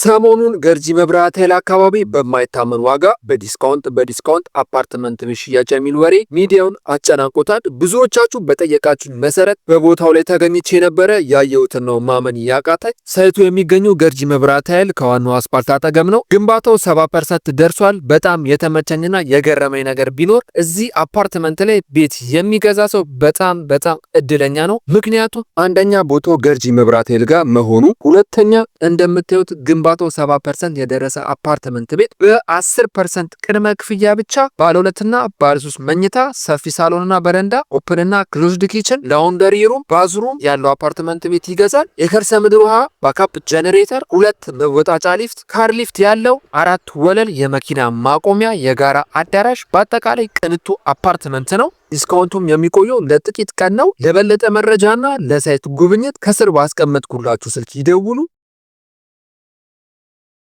ሰሞኑን ገርጂ መብራት ኃይል አካባቢ በማይታመን ዋጋ በዲስካውንት በዲስካውንት አፓርትመንት ሽያጭ የሚል ወሬ ሚዲያውን አጨናንቆታል። ብዙዎቻችሁ በጠየቃችሁ መሰረት በቦታው ላይ ተገኝቼ የነበረ ያየሁትን ነው ማመን ያቃታኝ። ሳይቱ የሚገኘው ገርጂ መብራት ኃይል ከዋናው አስፓልት አጠገም ነው። ግንባታው 70 ፐርሰንት ደርሷል። በጣም የተመቸኝና የገረመኝ ነገር ቢኖር እዚህ አፓርትመንት ላይ ቤት የሚገዛ ሰው በጣም በጣም እድለኛ ነው። ምክንያቱም አንደኛ ቦታው ገርጂ መብራት ኃይል ጋር መሆኑ፣ ሁለተኛ እንደምታዩት ከግንባታው 70% የደረሰ አፓርትመንት ቤት በ10% ቅድመ ክፍያ ብቻ ባለ ሁለትና ባለ ሶስት መኝታ ሰፊ ሳሎንና በረንዳ ኦፕንና ክሎዝድ ኪችን ላውንደሪ ሩም ባዝሩም ያለው አፓርትመንት ቤት ይገዛል። የከርሰ ምድር ውሃ ባካፕ ጀኔሬተር፣ ሁለት መወጣጫ ሊፍት፣ ካር ሊፍት ያለው አራት ወለል የመኪና ማቆሚያ የጋራ አዳራሽ፣ በአጠቃላይ ቅንጡ አፓርትመንት ነው። ዲስካውንቱም የሚቆየው ለጥቂት ቀን ነው። ለበለጠ መረጃና ለሳይት ጉብኝት ከስር ባስቀመጥኩላችሁ ስልክ ይደውሉ።